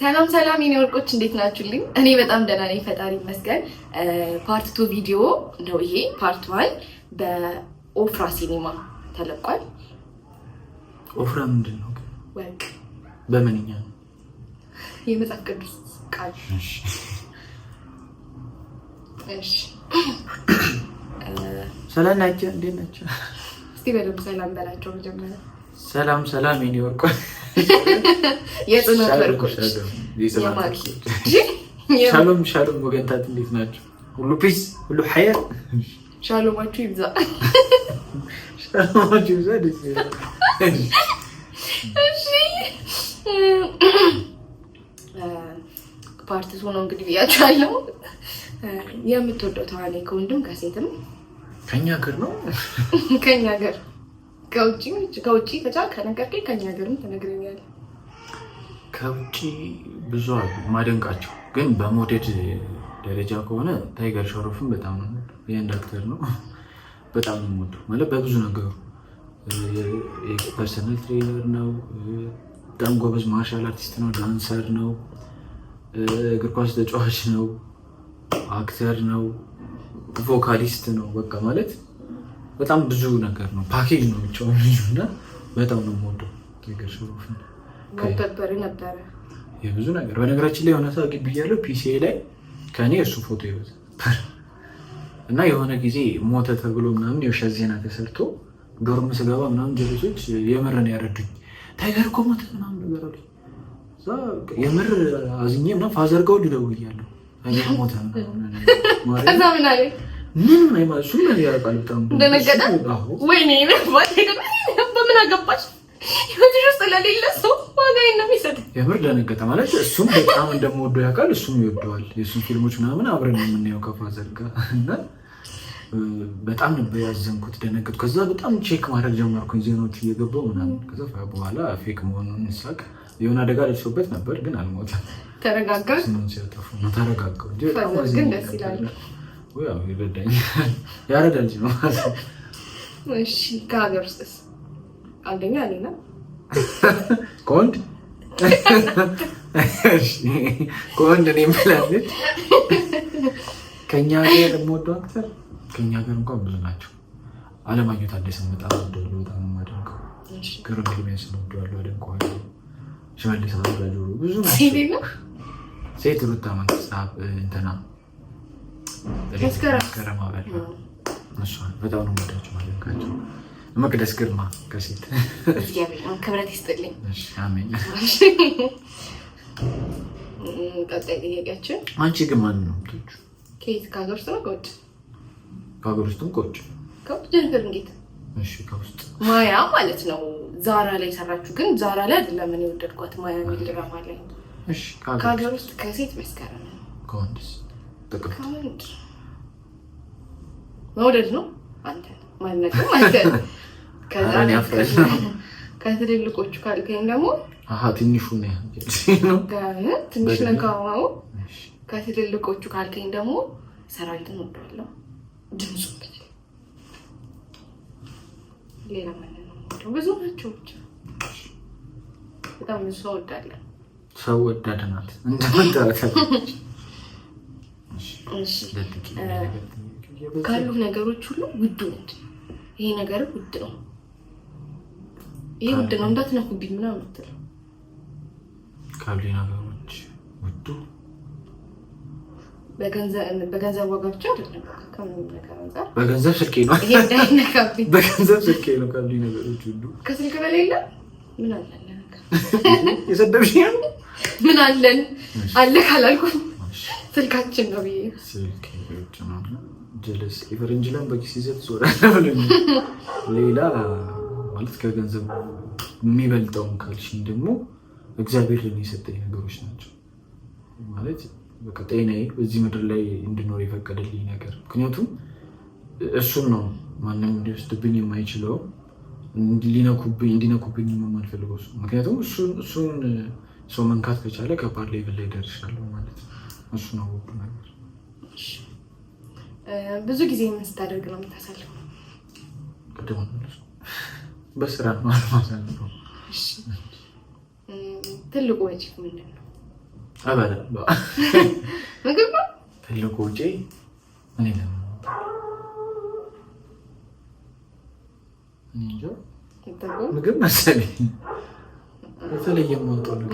ሰላም ሰላም የኔ ወርቆች እንዴት ናችሁልኝ? እኔ በጣም ደህና ነኝ፣ ፈጣሪ ይመስገን። ፓርት ቱ ቪዲዮ ነው ይሄ። ፓርት ዋን በኦፍራ ሲኒማ ተለቋል። ኦፍራ ምንድን ነው? ወቅ በምንኛ ነው? የመጽሐፍ ቅዱስ ቃል። ሰላም ናቸው። እንዴት ናቸው? እስቲ በደምብ ሰላም በላቸው መጀመሪያ ሰላም ሰላም፣ የኔ ወርቆች፣ ሻሎም ሻሎም፣ ወገንታት እንዴት ናቸው? ሁሉ ፒስ፣ ሁሉ ሀያ፣ ሻሎማችሁ ይብዛ፣ ሻሎማችሁ ይብዛ። ደስ ፓርት ሆኖ እንግዲህ ብያቸዋለሁ። የምትወደው ተዋናይ ከወንድም ከሴትም ከኛ ሀገር ነው ከኛ ሀገር ከውጭ ከውጭ ከቻልክ ከነገርከኝ ከኛ ሀገርም ተነግረኛል። ከውጭ ብዙ አሉ ማደንቃቸው፣ ግን በሞዴድ ደረጃ ከሆነ ታይገር ሸሮፍን በጣም ነው የአንድ አክተር ነው በጣም ነው የምወደው። ማለት በብዙ ነገሩ ፐርሰናል ትሬነር ነው፣ በጣም ጎበዝ ማርሻል አርቲስት ነው፣ ዳንሰር ነው፣ እግር ኳስ ተጫዋች ነው፣ አክተር ነው፣ ቮካሊስት ነው። በቃ ማለት በጣም ብዙ ነገር ነው፣ ፓኬጅ ነው ብቻ እና በጣም ነው የምወደው ነገር ሽሮፍን ነበረ የብዙ ነገር በነገራችን ላይ የሆነ ሰው ብያለሁ ፒሲኤ ላይ ከእኔ እሱ ፎቶ ይበዛ እና የሆነ ጊዜ ሞተ ተብሎ ምናምን የውሸት ዜና ተሰርቶ ዶርም ስገባ ምናምን ጀሎሶች የምር ነው ያረዱኝ። ታይገር እኮ ሞተ ምናምን ነገር አሉ። የምር አዝኜ ምናምን ፋዘርጋው ጋር ደውያለሁ ሞተ ምናምን ምን ምንም በጣም ደነገጠ። ወይኔ በምን አገባሽ? ውስጥ ለሌለ ሰው ዋጋ ነው የሚሰጥ። የምር ደነገጠ ማለት እሱም በጣም እንደምወደው ያውቃል፣ እሱም ይወደዋል። የእሱን ፊልሞች ምናምን አብረን የምናየው ከፋዘር ጋር እና በጣም ነበር ያዘንኩት፣ ደነገጥኩ። ከዛ በጣም ቼክ ማድረግ ጀመርኩኝ ዜናዎች እየገባው ምናምን። ከዛ በኋላ ፌክ መሆኑን ሳቅ የሆነ አደጋ ደርሶበት ነበር ግን አልሞተም። ተረጋጋ። ሲያጠፉ ተረጋጋ። ግን ደስ ይላል። ያው ይረዳኛል፣ ያረዳ ልጅ ነው። እሺ ከሀገር ውስጥስ? አንደኛ እኔና ከወንድ ከወንድ እኔ የምላለች ከእኛ ሀገር የምወደው አክተር ከእኛ ሀገር እንኳን ብዙ ናቸው። አለማየሁ ታደሰን በጣም ወደዋለሁ፣ በጣም የማደንቀው ግርም ኤርሚያስን ወደዋለሁ፣ አደንቀዋለሁ። ሽመልስ አበባጆ ብዙ ናቸው። ሴት ሩታ መንግስት እንትና መስከረም አበራ እሷን በጣም ነው የምወዳቸው ማለካቸው መቅደስ ግርማ ከሴት ክብረት ይስጥልኝ። ቀጣይ ጥያቄያችን አንቺ ግን ማን ነው ከየት ከሀገር ውስጥ ነው ከውጭ? ከሀገር ውስጥም ከውጭ ከውጭ እሺ፣ ከውስጥ ማያ ማለት ነው። ዛራ ላይ ሰራችሁ ግን ዛራ ላይ አይደለም። ምን ማያ ድራማ ላይ። ከሀገር ውስጥ ከሴት መስከረም ነው። ከወንድስ መውደድ ነው አንተ ማነቅም ከትልልቆቹ ካልከኝ ደግሞ ትንሹ ትንሽ ነካው። ከትልልቆቹ ካልከኝ ደግሞ ሰራዊትን ወደዋለሁ። ድምፁ ሌላ ብዙ ናቸው። ብቻ በጣም ብዙ ሰው ወዳለን ሰው ወዳድናት እንደምን ካሉ ነገሮች ሁሉ ውድ ምንድን ነው? ይሄ ነገር ውድ ነው፣ ይሄ ውድ ነው እንዳትነኩብኝ ምናምን አትልም። ካሉ ነገሮች ውዱ በገንዘብ ዋጋ ብቻ አይደለም። በገንዘብ ስልኬ ነው፣ በገንዘብ ስልኬ ነው። ካሉ ነገሮች ውዱ ከስልክ በሌለ ምን አለን? የሰደብሽ ምን አለን አለ ካላልኩ ስልካችን ነው ብዬ ስልክ ውጭ ነው ጀለስ የፈረንጅ ላም በኪስ ይዘህ ትዞራለህ ሌላ ማለት ከገንዘብ የሚበልጠውን ካልሽኝ ደግሞ እግዚአብሔር ለኔ የሰጠኝ ነገሮች ናቸው። ማለት በቃ ጤናዬ በዚህ ምድር ላይ እንድኖር የፈቀደልኝ ነገር፣ ምክንያቱም እሱን ነው ማንም እንዲወስድብኝ የማይችለው ሊነኩብኝ እንዲነኩብኝ የማልፈልገው እሱ ምክንያቱም እሱን ሰው መንካት ከቻለ ከባድ ሌቭል ላይ ደርሻለሁ ማለት ነው። እሱ ነው ውዱ ነገር። ብዙ ጊዜ ምን ስታደርግ ነው የምታሳልፈው? ቅድም በስራ ማሳልፈው። ትልቁ ወጪ ምንድን ነው? ምግብ ነው ትልቁ ወጪ። እኔ ምግብ መሰለኝ የተለየ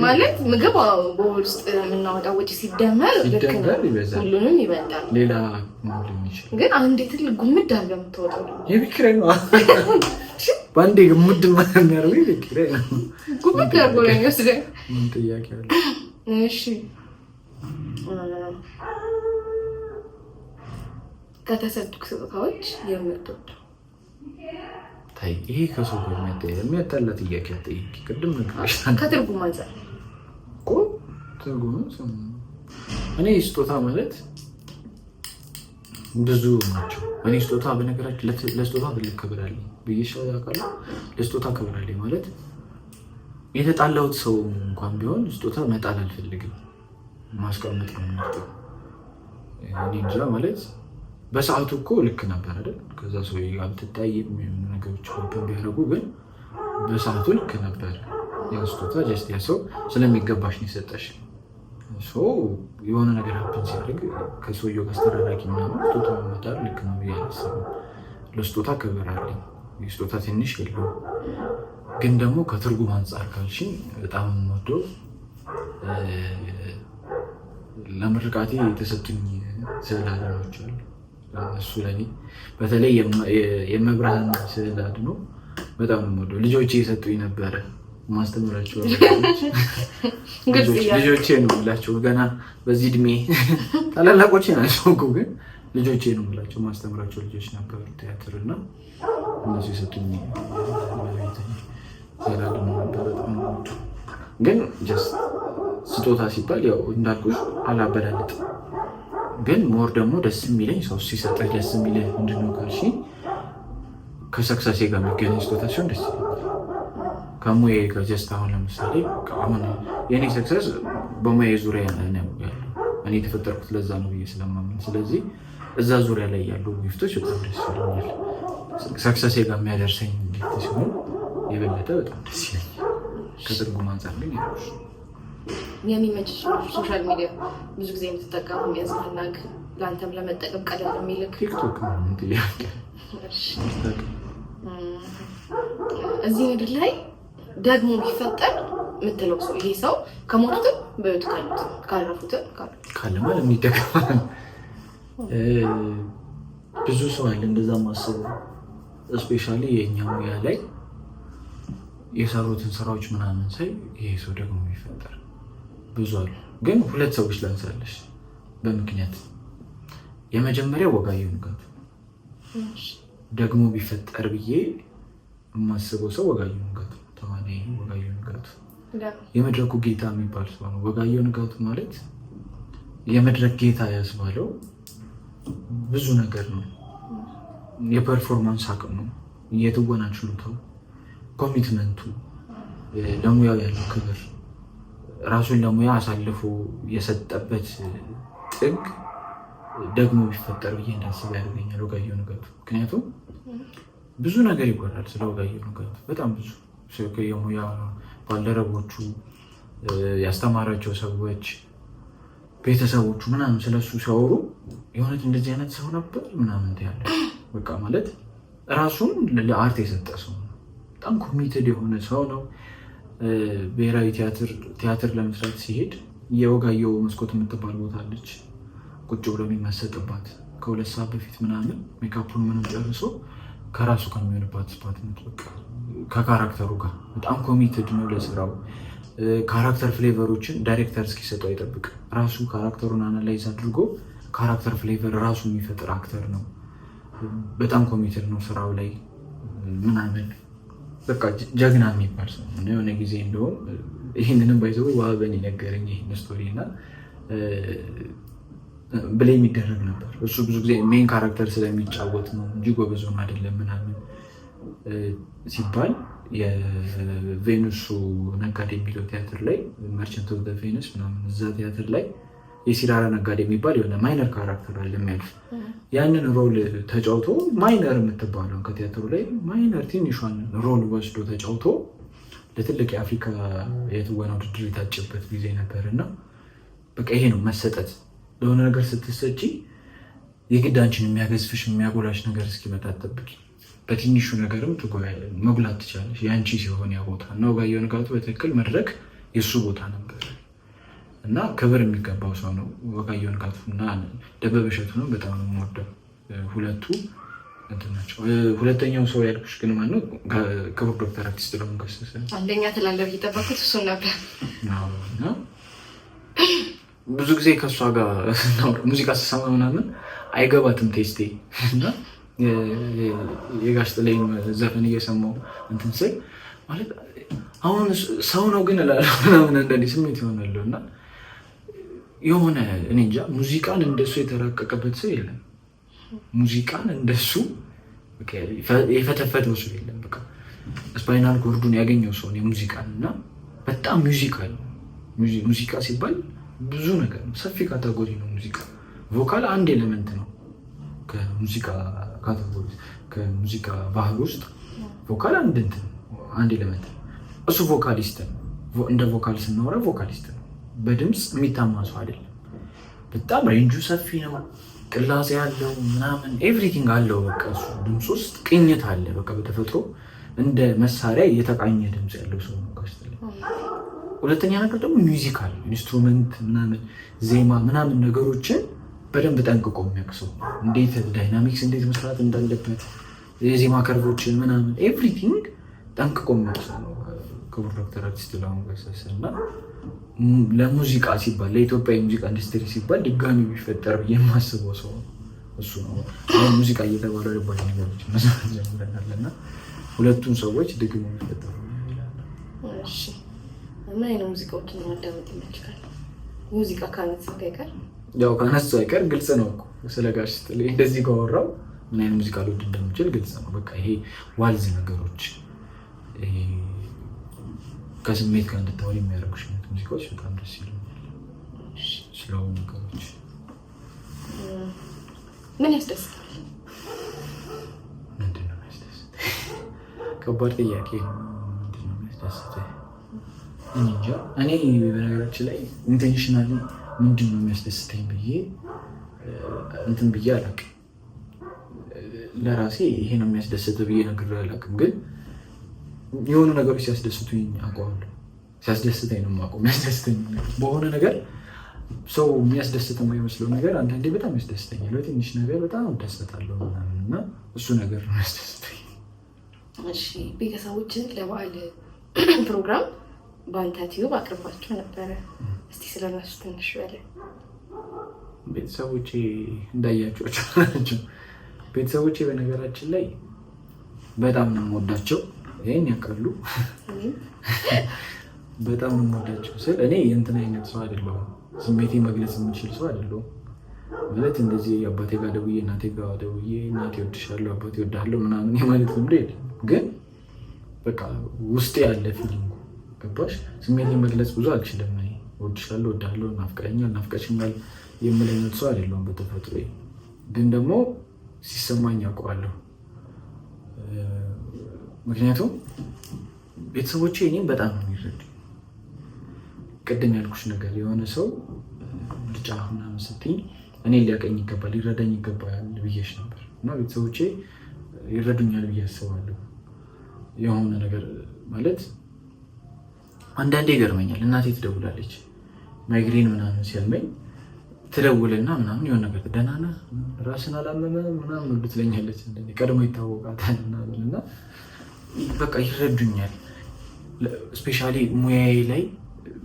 ማለት ምግብ በሆድ ውስጥ የምናወጣው ወጪ ሲደመር ሁሉንም ይበልጣል። ሌላ ግን አንዴ ትልቅ ጉምድ አለ የምትወጣው የቢክሬ ነው። በአንዴ ጉምድ የሚያደርገው የቢክሬ ነው። ጉምድ አድርጎ ነው ምን ጥያቄ አለ? እሺ ከተሰጡክ ስጦታዎች የምትወደው ይሄ ከሰው ጋር የሚያጣላ ጥያቄ አትጠይቂ። ቅድም ከትርጉም አንጻር እኮ ትርጉም እኔ ስጦታ ማለት ብዙ ናቸው። እኔ ስጦታ በነገራችን ለስጦታ ትልቅ ክብር አለኝ ብዬሽ አውቃለሁ። ለስጦታ ክብር አለኝ ማለት የተጣላሁት ሰው እንኳን ቢሆን ስጦታ መጣል አልፈልግም፣ ማስቀመጥ ነው። እኔ እንጃ ማለት በሰዓቱ እኮ ልክ ነበር አይደል? ከዛ ሰው ጋር ብትታይ የሚሆኑ ነገሮች ኮምፕ ቢያደርጉ ግን በሰዓቱ ልክ ነበር። ያስቶታ ጀስት ያ ሰው ስለሚገባሽ ነው የሰጠሽ። የሆነ ነገር ሀፕን ሲያደርግ ከሰውየው ጋር አስተዳዳቂ ምናምን ስጦታ መመጣር ልክ ነው እያላሰቡ ለስጦታ ክብር አለኝ። የስጦታ ትንሽ የለውም። ግን ደግሞ ከትርጉም አንጻር ካልሽኝ በጣም የምወደው ለምርቃቴ የተሰጡኝ ስዕል አለማቸዋል እሱ ለኔ በተለይ የመብርሃን ስዕል አድኖ በጣም የምወደው ልጆች የሰጡኝ ነበረ። ማስተምራቸው ልጆቼ ነው የምላቸው። ገና በዚህ እድሜ ታላላቆቼ ናቸው እኮ ግን ልጆቼ ነው የምላቸው። ማስተምራቸው ልጆች ነበሩ ቲያትር እና እነሱ የሰጡኝ ግን ስጦታ ሲባል ያው እንዳልኩሽ አላበላልጥም ግን ሞር ደግሞ ደስ የሚለኝ ሰው ሲሰጠህ ደስ የሚለህ ምንድን ነው ካልሽ ከሰክሰሴ ጋር የሚገናኝ ስጦታ ሲሆን ደስ ይለኛል። ከሙዬ ከጀስት አሁን ለምሳሌ አሁን የእኔ ሰክሰስ በሙዬ ዙሪያ ያለ እኔ የተፈጠርኩት ለዛ ነው ብዬ ስለማምን፣ ስለዚህ እዛ ዙሪያ ላይ ያሉ ጊፍቶች በጣም ደስ ይለኛል። ሰክሰሴ ጋር የሚያደርሰኝ ሲሆን የበለጠ በጣም ደስ ይለኛል። ከትርጉም አንጻር ግን የሚመችሽ ሶሻል ሚዲያ ብዙ ጊዜ የምትጠቀሙ የሚያዝናናግ ለአንተም ለመጠቀም ቀለል የሚልክ ቲክቶክ እዚህ ምድር ላይ ደግሞ ቢፈጠር የምትለው ሰው ይሄ ሰው ከሞቱትም በሕይወት ካሉት ካረፉትም ካለማ የሚደገማል ብዙ ሰው አለ እንደዛ ማስበው እስፔሻሊ የእኛው ሙያ ላይ የሰሩትን ስራዎች ምናምን ሳይ ይሄ ሰው ደግሞ ቢፈጠር ብዙ አሉ። ግን ሁለት ሰዎች ላንሳለሽ በምክንያት የመጀመሪያው ወጋየሁ ንጋቱ ደግሞ ቢፈጠር ብዬ የማስበው ሰው ወጋየሁ ንጋቱ ተዋናይ ወጋየሁ ንጋቱ የመድረኩ ጌታ የሚባል ሰው ነው። ወጋየሁ ንጋቱ ማለት የመድረክ ጌታ ያስባለው ብዙ ነገር ነው። የፐርፎርማንስ አቅም ነው፣ የትወና ችሎታው፣ ኮሚትመንቱ፣ ለሙያው ያለው ክብር ራሱን ለሙያ አሳልፎ የሰጠበት ጥግ ደግሞ ቢፈጠር ብዬ እንዳስብ ያደርገኛል ወጋየሁ ንጋቱ። ምክንያቱም ብዙ ነገር ይጎላል ስለ ወጋየሁ ንጋቱ በጣም ብዙ የሙያ ባልደረቦቹ፣ ያስተማራቸው ሰዎች፣ ቤተሰቦቹ ምናምን ስለሱ ሲያወሩ የእውነት እንደዚህ አይነት ሰው ነበር ምናምን ያለ በቃ ማለት ራሱን ለአርት የሰጠ ሰው ነው። በጣም ኮሚትድ የሆነ ሰው ነው። ብሔራዊ ቲያትር ለመስራት ሲሄድ የወጋየው መስኮት የምትባል ቦታ አለች፣ ቁጭ ብሎ የሚመሰጥባት ከሁለት ሰዓት በፊት ምናምን ሜካፑን ምን ጨርሶ ከራሱ ከሚሆንባት የሚሆንባት ከካራክተሩ ጋር በጣም ኮሚትድ ነው ለስራው። ካራክተር ፍሌቨሮችን ዳይሬክተር እስኪሰጠው አይጠብቅ ራሱ ካራክተሩን አናላይዝ አድርጎ ካራክተር ፍሌቨር ራሱ የሚፈጥር አክተር ነው። በጣም ኮሚትድ ነው ስራው ላይ ምናምን በቃ ጀግና የሚባል ሰው የሆነ ጊዜ እንደውም ይህንንም ባይዘ ዋበን የነገረኝ ይህን ስቶሪ እና ብላ የሚደረግ ነበር። እሱ ብዙ ጊዜ ሜን ካራክተር ስለሚጫወት ነው እንጂ ጎበዞን አይደለም ምናምን ሲባል የቬኑሱ ነጋዴ የሚለው ቲያትር ላይ መርቸንት ኦፍ ቬኑስ ምናምን እዛ ቲያትር ላይ የሲራራ ነጋዴ የሚባል የሆነ ማይነር ካራክተር አለ የሚያልፍ ያንን ሮል ተጫውቶ ማይነር የምትባለው ከቲያትሩ ላይ ማይነር ትንሿን ሮል ወስዶ ተጫውቶ ለትልቅ የአፍሪካ የትወና ውድድር የታጨበት ጊዜ ነበር እና በቃ ይሄ ነው መሰጠት። ለሆነ ነገር ስትሰጪ የግድ አንቺን የሚያገዝፍሽ የሚያጎላሽ ነገር እስኪመጣ ጠብቂ። በትንሹ ነገርም ትጎያለሽ፣ መጉላት ትቻለሽ። የአንቺ ሲሆን ያ ቦታ እና ወጋየሁ ንጋቱ በትክክል መድረክ የእሱ ቦታ ነበር። እና ክብር የሚገባው ሰው ነው። ወጋየሁ ንጋቱ እና ደበበ እሸቱ ነው በጣም የምወደው ሁለቱ እንትን ናቸው። ሁለተኛው ሰው ያልኩሽ ግን ማነው? ክቡር ዶክተር አርቲስት ለሆን ገሰሰ አንደኛ ትላለህ። እየጠበኩት እሱን ነበር ብዙ ጊዜ ከእሷ ጋር ሙዚቃ ስሰማ ምናምን አይገባትም ቴስቴ እና የጋሽ ጥላዬን ዘፈን እየሰማው እንትን ስል ማለት አሁን ሰው ነው ግን እላለሁ ምናምን አንዳንዴ ስሜት ይሆናለሁ እና የሆነ እኔ እንጃ ሙዚቃን እንደሱ የተራቀቀበት ሰው የለም። ሙዚቃን እንደሱ የፈተፈተው ሰው የለም። በቃ ስፓይናል ኮርዱን ያገኘው ሰው ነው ሙዚቃን እና በጣም ሚውዚካል ነው። ሙዚቃ ሲባል ብዙ ነገር ነው፣ ሰፊ ካታጎሪ ነው ሙዚቃ። ቮካል አንድ ኤሌመንት ነው ከሙዚቃ ካታጎሪ ከሙዚቃ ባህል ውስጥ ቮካል አንድ እንትን አንድ ኤሌመንት ነው። እሱ ቮካሊስት ነው። እንደ ቮካል ስናወራ ቮካሊስት ነው በድምፅ የሚታማ ሰው አይደለም። በጣም ሬንጁ ሰፊ ነው። ቅላጼ ያለው ምናምን ኤቭሪቲንግ አለው። በቃ እሱ ድምፅ ውስጥ ቅኝት አለ። በቃ በተፈጥሮ እንደ መሳሪያ የተቃኘ ድምፅ ያለው ሰው ነው። ሁለተኛ ነገር ደግሞ ሚውዚካል ኢንስትሩመንት ምናምን ዜማ ምናምን ነገሮችን በደንብ ጠንቅቆ የሚያቅሰው እንዴት ዳይናሚክስ እንዴት መስራት እንዳለበት የዜማ ከርቦችን ምናምን ኤቭሪቲንግ ጠንቅቆ የሚያቅሰው ነው ክቡር ዶክተር አርቲስት ለሆን ገሰሰ እና ለሙዚቃ ሲባል ለኢትዮጵያ የሙዚቃ ኢንዱስትሪ ሲባል ድጋሚ ቢፈጠር ብዬ የማስበው ሰው እሱ ነው። ሙዚቃ እየተባለ ልባቸው ነገሮች መሰረት ጀምረናል እና ሁለቱም ሰዎች ድግሞ ቢፈጠሩ። ምን አይነት ሙዚቃዎችን ማዳመጥ ይመችካል? ሙዚቃ ከአነስ አይቀር ያው ከአነስ አይቀር ግልጽ ነው እኮ ስለ ጋሽ ስትል እንደዚህ ከወራው ምን አይነት ሙዚቃ ልወድ እንደምችል ግልጽ ነው። በቃ ይሄ ዋልዝ ነገሮች ከስሜት ጋር እንድታወል የሚያደርጉሽ ሙዚቃዎች በጣም ደስ ይለኛል። ስራው ነገሮች ምን ያስደስታል? ምንድን ነው ያስደስት? ከባድ ጥያቄ ነው። ምንድን ነው እኔ እንጃ። እኔ በነገራችን ላይ ኢንቴንሽናል ምንድን ነው የሚያስደስተኝ ብዬ እንትን ብዬ አላውቅም። ለራሴ ይሄ ነው የሚያስደስተው ብዬ ነግሬ አላውቅም። ግን የሆኑ ነገሮች ሲያስደስቱኝ አውቀዋለሁ። ሲያስደስተኝ ነው የማውቀው። የሚያስደስተኝ በሆነ ነገር ሰው የሚያስደስት የማይመስለው ነገር አንዳንዴ በጣም ያስደስተኛል። በትንሽ ነገር በጣም እደሰታለሁ ምናምን እና እሱ ነገር ነው ያስደስተኝ። እሺ ቤተሰቦችን ለበዓል ፕሮግራም በአንተ ቲዩብ አቅርባቸው ነበረ። እስቲ ስለነሱ ትንሽ በለ። ቤተሰቦቼ እንዳያቸቸው ናቸው። ቤተሰቦቼ በነገራችን ላይ በጣም ነው የምወዳቸው። ይህን ያውቃሉ በጣም የምወዳቸው ስል እኔ የእንትን አይነት ሰው አይደለሁም። ስሜቴ መግለጽ የምችል ሰው አይደለሁም። ማለት እንደዚህ አባቴ ጋር ደውዬ እናቴ ጋር ደውዬ እናቴ ወድሻለሁ አባቴ ወዳለሁ ምናምን የማለት ልምድ የለም። ግን በቃ ውስጤ ያለ ፊሊንግ ገባሽ? ስሜቴ መግለጽ ብዙ አልችልም። ና ወድሻለሁ ወዳለሁ፣ ናፍቀኸኛል፣ ናፍቀሽኛል የምል አይነት ሰው አይደለሁም በተፈጥሮ። ግን ደግሞ ሲሰማኝ ያውቀዋለሁ። ምክንያቱም ቤተሰቦቼ እኔም በጣም ነው የሚረዱ ቅድም ያልኩሽ ነገር የሆነ ሰው ምርጫ ምናምን ስትይ እኔ ሊያቀኝ ይገባል ሊረዳኝ ይገባል ብዬሽ ነበር እና ቤተሰቦቼ ይረዱኛል ብዬ አስባለሁ። የሆነ ነገር ማለት አንዳንዴ ይገርመኛል። እናቴ ትደውላለች ማይግሬን ምናምን ሲያመኝ ትደውልና ምናምን የሆነ ነገር ደህና ነህ ራስን አላመመ ምናምን ሁሉ ትለኛለች። ቀድሞ ይታወቃታል ምናምን እና በቃ ይረዱኛል። ስፔሻሊ ሙያዬ ላይ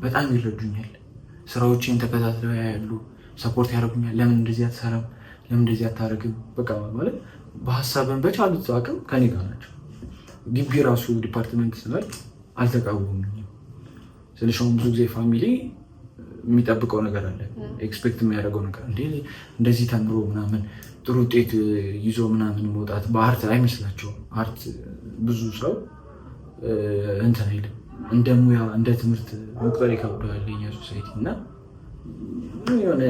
በጣም ይረዱኛል። ስራዎችን ተከታትለው ያሉ ሰፖርት ያደርጉኛል። ለምን እንደዚህ አትሰራም? ለምን እንደዚህ አታደርግም? በቃ ማለት በሀሳብን በቻሉት አቅም ከኔ ጋር ናቸው። ግቢ ራሱ ዲፓርትመንት ስላል አልተቃወሙኝም። ስለሽሁን ብዙ ጊዜ ፋሚሊ የሚጠብቀው ነገር አለ፣ ኤክስፔክት የሚያደርገው ነገር እንደ እንደዚህ ተምሮ ምናምን ጥሩ ውጤት ይዞ ምናምን መውጣት በአርት አይመስላቸውም። አርት ብዙ ሰው እንትን አይልም እንደ ሙያ እንደ ትምህርት መቁጠር ይከብደዋል የኛ ሶሳይቲ እና የሆነ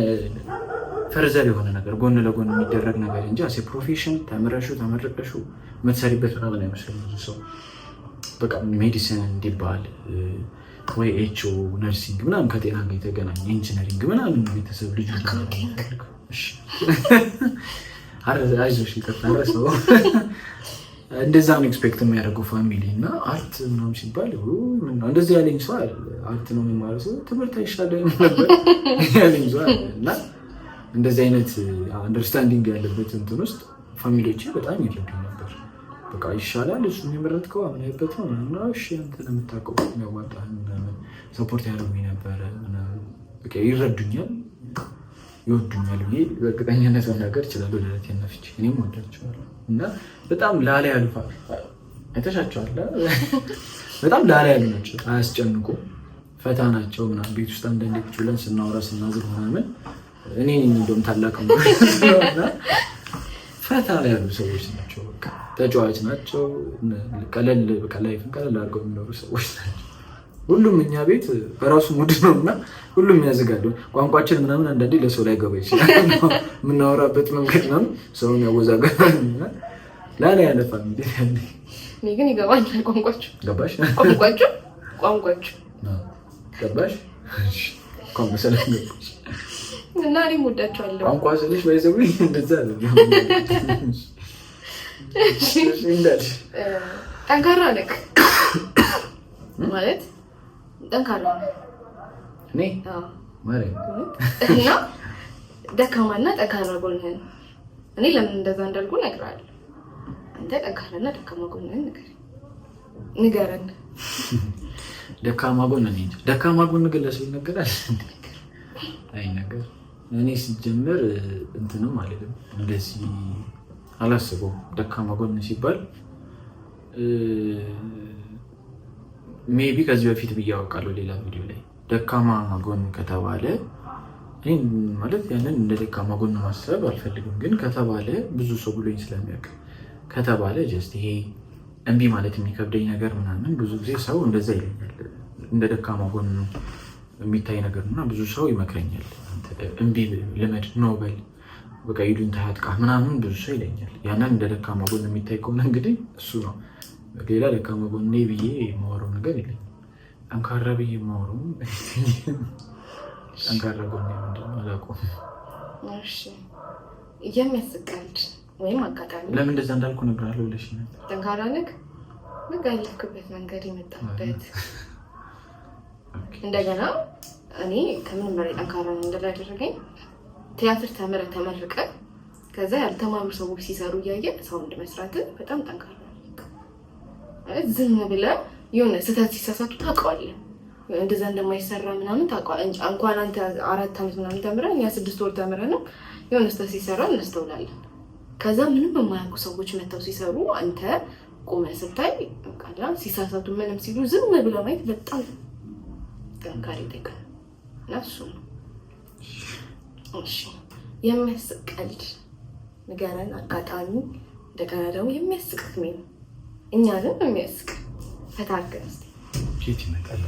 ፈርዘር የሆነ ነገር ጎን ለጎን የሚደረግ ነገር እንጂ አሴ ፕሮፌሽን ተምረሹ ተመረቀሹ የምትሰሪበት ምናምን አይመስልም። ብዙ ሰው በቃ ሜዲሲን እንዲባል ወይ ኤች ኦ ነርሲንግ ምናምን ከጤና ጋር የተገናኘ ኢንጂነሪንግ ምናምን ቤተሰብ ልጅ አይዞሽ ይቅርታ ረሰው እንደዛ ነው ኤክስፔክት የሚያደርገው ፋሚሊ እና አርት ምናምን ሲባል እንደዚህ ያለኝ ሰው አለ። አርት ነው የሚማረ ሰው ትምህርት አይሻልም ነበር ያለኝ ሰው እና እንደዚህ አይነት አንደርስታንዲንግ ያለበት እንትን ውስጥ ፋሚሊዎች በጣም ይረዱ ነበር። በቃ ይሻላል እሱ የሚመረጥከው አምናበት ነው እና እሺ እንትን የምታውቀው የሚያዋጣ ሰፖርት ያደርጉኝ ነበረ። ይረዱኛል፣ ይወዱኛል ብዬ በእርግጠኝነት መናገር እችላለሁ። ለእለቴ ነፍቼ እኔም ወዳቸዋለሁ። እና በጣም ላላ ያሉ አይተሻቸዋል። በጣም ላላ ያሉ ናቸው፣ አያስጨንቁ ፈታ ናቸው። ምና ቤት ውስጥ አንዳንዴ ቁጭ ብለን ስናወራ ስናዝር ምናምን እኔ እንደውም ታላቅ ፈታ ያሉ ሰዎች ናቸው። ተጫዋች ናቸው። ቀለል ቀላይፍን ቀለል አድርገው የሚኖሩ ሰዎች ናቸው። ሁሉም እኛ ቤት በራሱ ሙድ ነው እና ሁሉም ያዘጋለ ቋንቋችን ምናምን አንዳንዴ ለሰው ላይ ገባ ይችላል። የምናወራበት መንገድ ነው ሰውን ያወዛገባል። ላ ያለ ፋሚሊ ግን ይገባኛል። ገባሽ፣ ገባሽ። እና እኔም ቋንቋ ስልሽ እንደዛ ነው። ጠንካራ ማለት ጠንካራ እኔ እና ደካማና ጠንካራ ጎንህን እኔ ለምን እንደዛ እንዳልኩ እነግርሃለሁ። አንተ ጠንካራና ደካማ ጎንህን ንገረን። ደካማ ጎን እኔ እንጃ። ደካማ ጎን ግን ለሰው ይነገራል? አይነገር። እኔ ሲጀምር እንትንም አልልም፣ እንደዚህ አላስበውም። ደካማ ጎን ሲባል ሜቢ ከዚህ በፊት ብዬ አውቃለሁ ሌላ ቪዲዮ ላይ ደካማ ጎን ከተባለ ማለት ያንን እንደ ደካማ ጎን ማሰብ አልፈልግም፣ ግን ከተባለ ብዙ ሰው ብሎኝ ስለሚያውቅ ከተባለ ጀስት ይሄ እምቢ ማለት የሚከብደኝ ነገር ምናምን ብዙ ጊዜ ሰው እንደዛ ይለኛል። እንደ ደካማ ጎን የሚታይ ነገር እና ብዙ ሰው ይመክረኛል። እምቢ ልመድ ኖበል በቃ ሂዱን ታያጥቃ ምናምን ብዙ ሰው ይለኛል። ያንን እንደ ደካማ ጎን የሚታይ ከሆነ እንግዲህ እሱ ነው። ሌላ ደካማ ጎኔ ብዬ የማወራው ነገር የለኝም። ጠንካራ ብዬ የማወራው ጠንካራ ጎኔ ምንድን ነው አላውቀውም። የሚያስቅ ቀልድ ወይም አጋጣሚ ለምን እንደዛ እንዳልኩ እነግርሃለሁ ብለሽ ነበር። ጠንካራ ነህ በቃ ያለፍክበት መንገድ የመጣበት እንደገና እኔ ከምንም በላይ ጠንካራ ነው እንደላ ያደረገኝ ቲያትር ተምረ ተመርቀ ከዛ ያልተማሩ ሰዎች ሲሰሩ እያየ ሰው እንድመስራትን በጣም ጠንካራ ዝም ብለህ የሆነ ስህተት ሲሳሳቱ ታውቀዋለህ፣ እንደዛ እንደማይሰራ ምናምን ታውቀዋለህ። እንኳን አንተ አራት ዓመት ምናምን ተምረህ እኛ ስድስት ወር ተምረን የሆነ ስህተት ሲሰራ እናስተውላለን። ከዛ ምንም የማያውቁ ሰዎች መጥተው ሲሰሩ አንተ ቆመህ ስታይ ሲሳሳቱ ምንም ሲሉ ዝም ብሎ ማየት በጣም ጥንካሬ ይጠይቃል። እና እሱ ነው። የሚያስቀልድ ንገረን አጋጣሚ። እንደገና ደግሞ የሚያስቅቅ ነው እኛንም የሚያስቅ ፈታ አድርገን ኬት ይመጣል።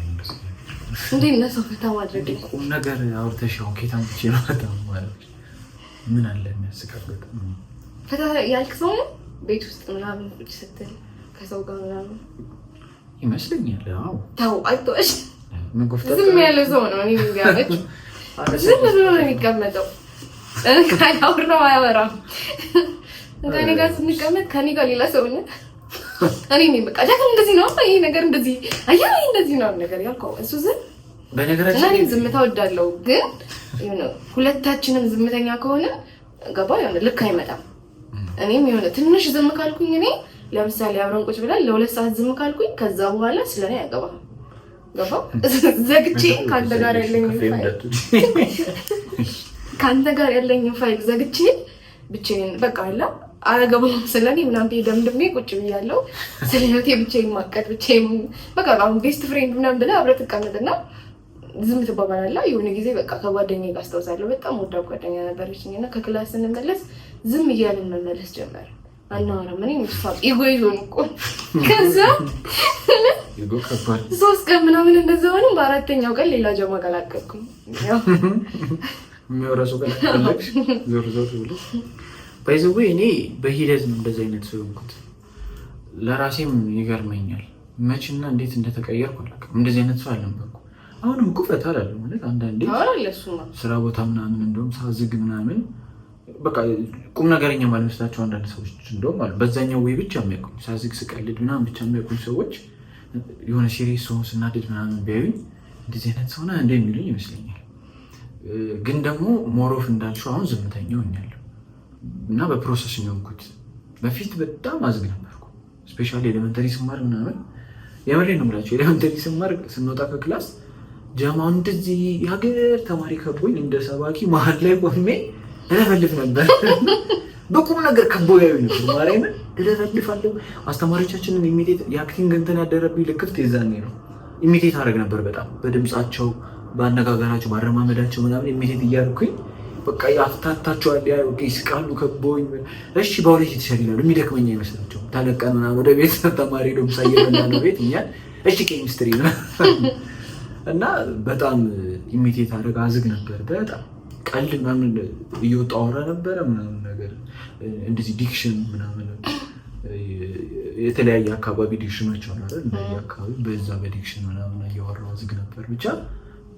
እንዴት ነው ሰው ፈታ ማድረግ ቁም ነገር አውርተሽ አሁን ኬት አምጥቼ ነው ፈታ ማለት ምን አለ የሚያስቀር ፈታ ያልክ ሰው ቤት ውስጥ ምናምን ቁጭ ስትል ከሰው ጋር ምናምን ይመስለኛል። አዎ ተው አይቶሽ ዝም ያለ ሰው ነው። እኔ ጋመች ዝም ብሎ ነው የሚቀመጠው። ካላወራው አያወራም። ከኔ ጋር ስንቀመጥ ከኔ ጋር ሌላ ሰው ነው እኔ ነኝ በቃ ጃክል እንደዚህ ነው ይሄ ነገር እንደዚህ አያ ይሄ እንደዚህ ነው ነገር ያልከው እሱ ዝም በነገራችን ዝምታ ወዳለው ግን ሁለታችንም ዝምተኛ ከሆነ ገባ የሆነ ልክ አይመጣም። እኔም የሆነ ትንሽ ዝም ካልኩኝ እኔ ለምሳሌ አብረን ቁጭ ብለን ለሁለት ሰዓት ዝም ካልኩኝ ከዛ በኋላ ስለኔ ያገባ ገባ ዘግቼ ከአንተ ጋር ያለኝ ከአንተ ጋር ያለኝ ፋይል ዘግቼ ብቻዬን በቃ አላ አያገባም ስለኔ ምናምን ደምድሜ ቁጭ ብያለሁ። ስለ ህይወቴ ብቻዬን ማቀድ ብቻዬን በቃ አሁን ቤስት ፍሬንድ ምናምን ብለህ አብረህ ትቀመጥና ዝም ትባባላላ። የሆነ ጊዜ በቃ ከጓደኛዬ ጋር አስታውሳለሁ። በጣም ወዳ ጓደኛ ነበረችኝ እና ከክላስ ስንመለስ ዝም እያልን መመለስ ጀመረ። አናወራም። እኔ ምስ ኢጎ ይዞን እኮ ከዛ ሶስት ቀን ምናምን እንደዛ ሆነ። በአራተኛው ቀን ሌላ ጀማ ቀላቀልኩኝ። ባይዘዌ እኔ በሂደት ነው እንደዚህ አይነት ሰው የሆንኩት። ለራሴም ይገርመኛል መችና እንዴት እንደተቀየርኩ አላውቅም። እንደዚህ አይነት ሰው አልነበርኩም። አሁንም እኮ ፈታ ማለት አንዳንዴ ስራ ቦታ ምናምን እንደውም ሳዝግ ምናምን በቃ ቁም ነገረኛ ማልመስላቸው አንዳንድ ሰዎች እንደውም አሉ። በዛኛው ወይ ብቻ የሚያውቁኝ ሳዝግ ስቀልድ ምናምን ብቻ የሚያውቁኝ ሰዎች የሆነ ሲሪየስ ሰውን ስናደድ ምናምን ቢያዩኝ እንደዚህ አይነት ሰውና እንደ የሚሉኝ ይመስለኛል። ግን ደግሞ ሞሮፍ እንዳልሽው አሁን ዝምተኛው እኛለሁ እና በፕሮሰስ ነው የሆንኩት። በፊት በጣም አዝግ ነበርኩ። ስፔሻሊ ኤሌመንተሪ ስማር ምናምን የምሬ ነው የምላቸው። ኤሌመንተሪ ስማር ስንወጣ ከክላስ ጀማ እንደዚህ የሀገር ተማሪ ከቦኝ እንደ ሰባኪ መሀል ላይ ቆሜ እለፈልፍ ነበር። በቁም ነገር ከቦ ያዩ ነበር። ማርያምን እለፈልፋለሁ። አስተማሪዎቻችንን ኢሚቴት የአክቲንግ እንትን ያደረብኝ ልክፍት የዛኔ ነው። ኢሚቴት አደረግ ነበር በጣም በድምፃቸው፣ በአነጋገራቸው፣ በአረማመዳቸው ምናምን ኢሚቴት እያደረኩኝ በቃ አፍታታቸዋል። ያ ይስቃሉ ከቦኝ እሺ፣ በሁለት የተሻለ ይላሉ። የሚደክመኝ አይመስላቸውም። ታለቀን ምናምን ወደ ቤት ተማሪ ደም ምሳ ነው ቤት እኛ እሺ፣ ኬሚስትሪ ነው እና በጣም ኢሚቴት አደረገ። አዝግ ነበር በጣም ቀልድ ምናምን እየወጣ አውራ ነበረ ምናምን ነገር እንደዚህ ዲክሽን ምናምን የተለያየ አካባቢ ዲክሽኖች አይደል? እንደየ አካባቢ በዛ በዲክሽን ምናምን እያወራው አዝግ ነበር ብቻ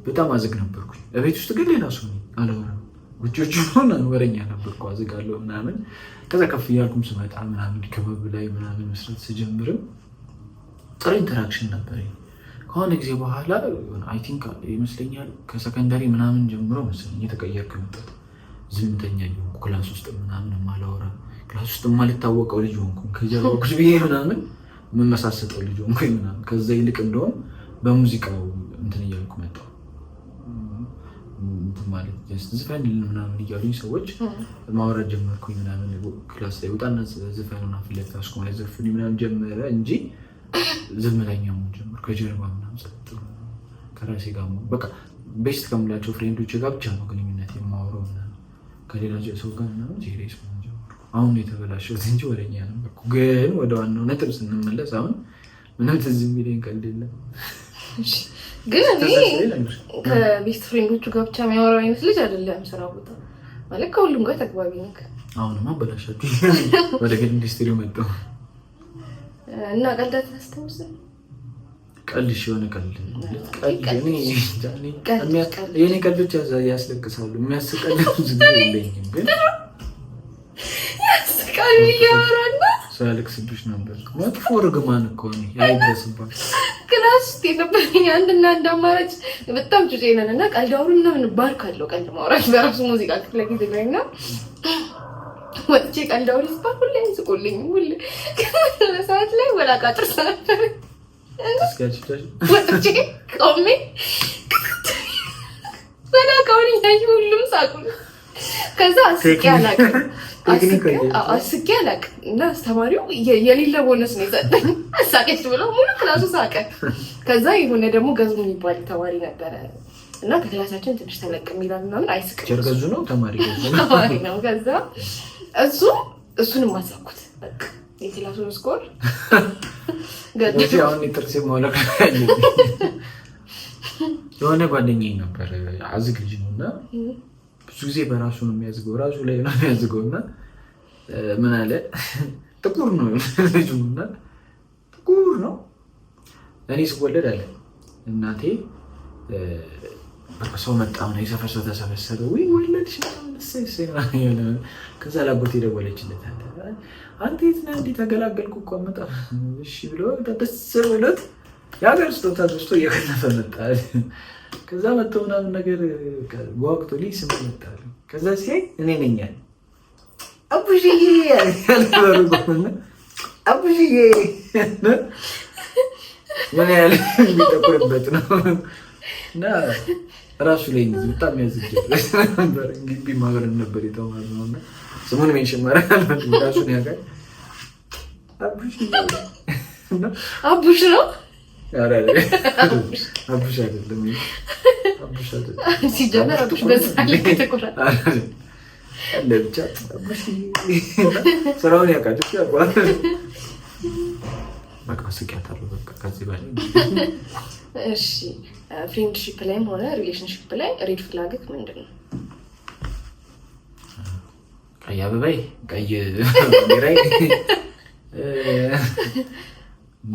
በጣም አዝግ ነበርኩኝ። እቤት ውስጥ ግን ሌላ ሰው አላወራም። ልጆች ወረኛ ነበር እኮ ምናምን። ከዛ ከፍ እያልኩም ስመጣ ምናምን ክበብ ላይ ምናምን መስራት ስጀምርም ጥሩ ኢንተራክሽን ነበር። ከሆነ ጊዜ በኋላ አይ ቲንክ ይመስለኛል ከሰከንዳሪ ምናምን ጀምሮ መሰለኝ የተቀየርክ መጣት ዝምተኛ ሆንኩ። ክላስ ውስጥ ምናምን የማላወራ ክላስ ውስጥ የማልታወቀው ልጅ ሆንኩ። ከጀርባ ቁጭ ብዬ ምናምን የምመሳሰጠው ልጅ ሆንኩ ምናምን። ከዛ ይልቅ እንደውም በሙዚቃው እንትን እያልኩ መጣሁ። ማለት ዝፈን ምናምን እያሉኝ ሰዎች ማውራት ጀመርኩኝ ምናምን ክላስ ላይ ውጣና ዝፈኑና ፍለጋ ላይ ዘፍኑ ምናምን ጀመረ እንጂ ዘመናኛ መሆን ጀመር። ከጀርባ ምናምን ሰጥ ከራሴ ጋር መሆን በቃ ቤስት ከምላቸው ፍሬንዶች ጋር ብቻ ነው ግንኙነት የማወራው ምናምን ከሌላ ሰው ጋር ምናምን ሲሪየስ መሆን ጀመርኩ። አሁን የተበላሸው እንጂ ወደኛ ነበርኩ። ግን ወደ ዋናው ነጥብ ስንመለስ አሁን ምንም ትዝ የሚለኝ ቀልድ የለም። ግን እኔ ከቤስት ፍሬንዶቹ ጋር ብቻ የሚያወራ አይነት ልጅ አይደለም። ስራ ቦታ ማለት ከሁሉም ጋር ተግባቢ ነክ። አሁንማ በላሻችሁ ወደ ግል ኢንዱስትሪ መጣሁ እና ቀልድ አታስታውስም? ቀልሽ የሆነ ቀልድ የኔ ቀልዶች ያስለቅሳሉ። የሚያስቀልድ ግን ሳያለቅስብሽ ነበር። መጥፎ ርግማን እኮ ነው ያይደርስባት። ክላስ ውስጥ የነበረኝ አንድና አንድ አማራጭ በጣም ጩጬ ነን እና ቀልድ ምናምን ባርክ ቀልድ ማውራት በራሱ ሙዚቃ ክፍለ ጊዜ ላይ እና ወጥቼ ቀልድ አውሪ ስባል ሁሌ ሁሌ ሰዓት ላይ ወላቃ ጥርስ ነበር ወጥቼ ቆሜ ወላቃውን እያዩ ሁሉም ሳቁ። ከዛ ስቄ አላውቅም አስቄ አላውቅም። እና አስተማሪው የሌለ ቦነስ ነው የሰጠኝ። ብለው ሙሉ ክላሱ ሳቀ። ከዛ የሆነ ደግሞ የሚባል ተማሪ ነበረ እና ከክላሳችን ትንሽ ተለቅ የሚላል ምናምን ገዙ ነው ተማሪ ተማሪ ነው። ከዛ እሱ ስኮር የሆነ ነበር አዝግ ነው እና ብዙ ጊዜ በራሱ ነው የሚያዝገው፣ ራሱ ላይ ነው የሚያዝገው እና ምን አለ ጥቁር ነው ልጁ እና ጥቁር ነው። እኔ ስወለድ አለ እናቴ ሰው መጣ ነው የሰፈር ሰው ተሰበሰበ። ወይ ወለድሽ ከዛ ላጎቴ ደወለችለት አንተ የት ነህ? እንዲህ ተገላገልኩ እኮ መጣ እሺ ብሎ ደስ ብሎት የሀገር ስጦታ ገዝቶ እየከለፈ መጣል ከዛ መተው ምናምን ነገር ጓግቶ ልጅ ስም መጣለ። ከዛ ሲ እኔ ነኝ ያለ አቡሽዬ አቡሽዬ ምን ያህል የሚጠቁርበት ነው እና ራሱ ላይ ነው በጣም ያዝጃለች ነበር። ግቢ ማብረን ነበር ነው እና ስሙን ሜንሽን ማድረግ አልፈልግም። ራሱን ያውቃል። አቡሽ ነው አቡሽ አይደለም ሲጀመር በዛ ልክ ስራውን ያውቃል ያውቃል። በቃ ስቂያታለሁ። በቃ ከዚህ በላይ እሺ። ፍሬንድሺፕ ላይም ሆነ ሪሌሽንሺፕ ላይ ሬድ ፍላግክ ምንድን ነው? ቀይ አበባይ፣ ቀይ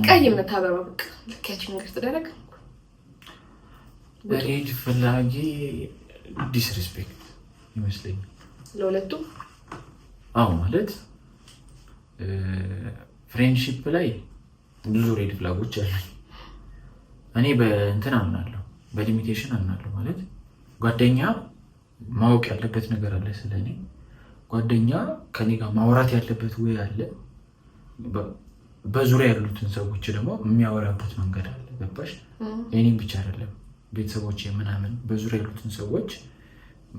ቀይ እምነት አበባ በቃ ልክ ነገር ትደረግ ፍላጊ ዲስሪስፔክት ይመስለኛል ለሁለቱ። አዎ ማለት ፍሬንድሺፕ ላይ ብዙ ሬድ ፍላጎች አሉ። እኔ በእንትን አምናለሁ፣ በሊሚቴሽን አምናለሁ። ማለት ጓደኛ ማወቅ ያለበት ነገር አለ ስለ እኔ ጓደኛ ከኔ ጋር ማውራት ያለበት ወይ አለ በዙሪያ ያሉትን ሰዎች ደግሞ የሚያወራበት መንገድ አለ። ገባሽ? የኔም ብቻ አይደለም ቤተሰቦች ምናምን በዙሪያ ያሉትን ሰዎች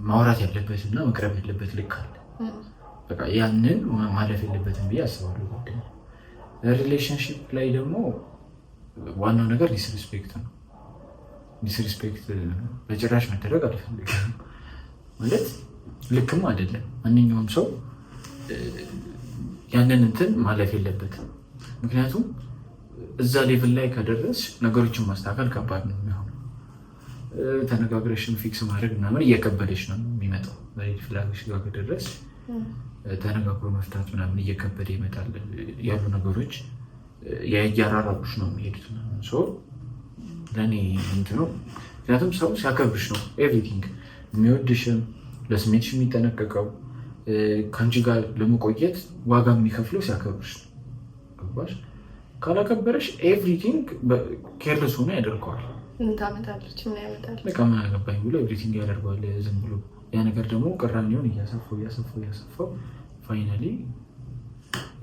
ማውራት ያለበት እና መቅረብ ያለበት ልክ አለ። በቃ ያንን ማለፍ የለበትም ብዬ አስባለሁ። ጓደኛ ሪሌሽንሽፕ ላይ ደግሞ ዋናው ነገር ዲስሪስፔክት ነው። ዲስሪስፔክት በጭራሽ መደረግ አልፈልግም። ማለት ልክም አይደለም። ማንኛውም ሰው ያንን እንትን ማለፍ የለበትም። ምክንያቱም እዛ ሌቭል ላይ ከደረስ ነገሮችን ማስተካከል ከባድ ነው የሚሆነው። ተነጋግረሽን ፊክስ ማድረግ ምናምን እየከበደች ነው የሚመጣው። መሬት ፍላጎች ጋር ከደረስ ተነጋግሮ መፍታት ምናምን እየከበደ ይመጣል። ያሉ ነገሮች የአራራቁሽ ነው የሚሄዱት። ለእኔ እንትን ነው ምክንያቱም ሰው ሲያከብርሽ ነው ኤቭሪቲንግ የሚወድሽም ለስሜትሽ የሚጠነቀቀው ከአንቺ ጋር ለመቆየት ዋጋ የሚከፍለው ሲያከብርሽ ነው። ገባሽ? ካላከበረሽ ኤቭሪቲንግ ኬርለስ ሆኖ ያደርገዋል። ምን ታመጣለች? ምን ያመጣል? በቃ ምን አገባኝ ብሎ ኤቭሪቲንግ ያደርገዋል ዝም ብሎ። ያ ነገር ደግሞ ቅራኔውን እያሰፋው እያሰፋው እያሰፋው ፋይናሊ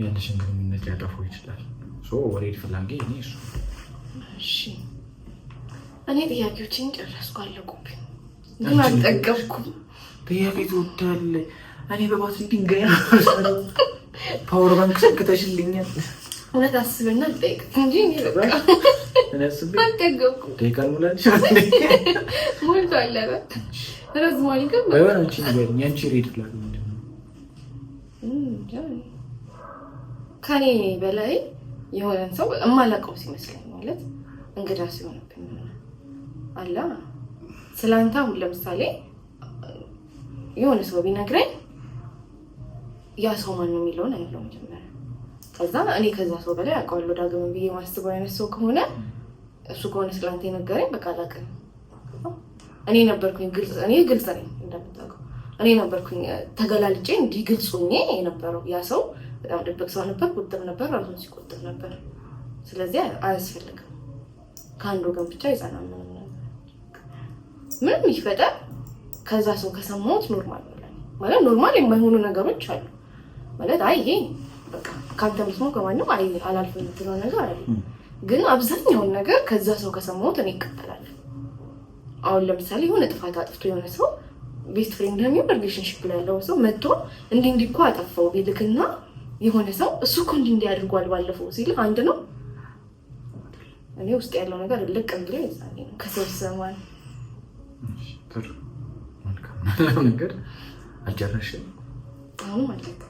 ያለሽን ግንኙነት ሊያጠፋው ይችላል። ወሬድ ፍላንጌ እኔ እሱ እኔ ጥያቄዎችን ጨረስኩ፣ አለቁብኝ ግን አልጠገብኩም። ጥያቄ ትወዳለህ? እኔ በባት ድንጋይ ፓወር ባንክ ሰክተሽልኛል። እውነት አስብና ልጠይቅ እንጂ ከኔ በላይ የሆነን ሰው የማላውቀው ሲመስለኝ ማለት እንግዳ ሲሆንብኝ አሁን ለምሳሌ የሆነ ሰው ቢነግረኝ ያ ሰው ማን ነው የሚለውን አይለው መጀመሪያ ከዛ እኔ ከዛ ሰው በላይ አውቀዋለሁ ዳግም ብዬ ማስበው አይነት ሰው ከሆነ እሱ ከሆነ ስለአንተ የነገረኝ በቃ አላውቅም። እኔ ነበርኩኝ ግልጽ እኔ ግልጽ ነኝ እንደምታውቀው እኔ ነበርኩኝ ተገላልጬ እንዲህ ግልጽ የነበረው ያ ሰው በጣም ድብቅ ሰው ነበር። ቁጥብ ነበር፣ ራሱን ሲቆጥብ ነበር። ስለዚህ አያስፈልግም። ከአንድ ወገን ብቻ ይጸና ምንም ይፈጠር ከዛ ሰው ከሰማሁት ኖርማል ማለት ኖርማል የማይሆኑ ነገሮች አሉ ማለት አይ ይሄ ካንተ ምስሞ ከማንም አላልፍ የምትለው ነገር አለ። ግን አብዛኛውን ነገር ከዛ ሰው ከሰማሁት እኔ ይቀጠላል። አሁን ለምሳሌ የሆነ ጥፋት አጥፍቶ የሆነ ሰው ቤስት ፍሬንድ የሚሆን ሪሌሽንሽፕ ላይ ያለው ሰው መጥቶ እንዲህ እንዲህ እኮ አጠፋው ቢልክና የሆነ ሰው እሱ እኮ እንዲህ እንዲህ አድርጓል ባለፈው ሲል አንድ ነው። እኔ ውስጥ ያለው ነገር ልቅ ብሎ ከሰው ይሰማል። ነገር አልጨረሽም? አሁንም አልለቀም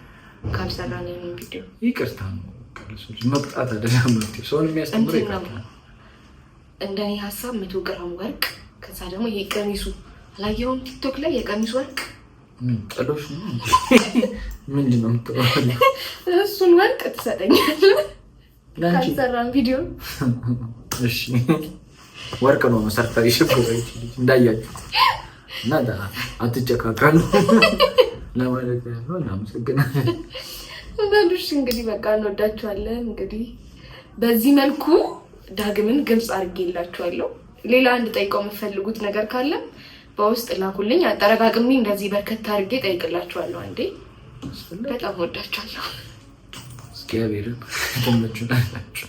ካልሰራን ይሄንን ይቅርታ ነው መቅጣት አይደለም። ሰውን የሚያስተምር ሀሳብ መቶ ግራም ወርቅ ከዛ ደግሞ ይሄ ቀሚሱ ቲክቶክ ላይ የቀሚሱ ወርቅ ጥሎሽ ነው ምንድን ነው የምትባለው? እሱን ወርቅ ትሰጠኛለህ ካልሰራን ቪዲዮ። እሺ ወርቅ ነው እንዳያችሁ እና አትጨካከሉ። ለማለት ያለው እናመሰግናለን። አንዳንዶች እንግዲህ በቃ እንወዳቸዋለን። እንግዲህ በዚህ መልኩ ዳግምን ግልጽ አድርጌላችኋለሁ። ሌላ አንድ ጠይቀው የምፈልጉት ነገር ካለ በውስጥ ላኩልኝ። አጠረቃቅሜ እንደዚህ በርከት አድርጌ ጠይቅላችኋለሁ። አንዴ በጣም ወዳችኋለሁ። እግዚአብሔርን ደመችናላችሁ።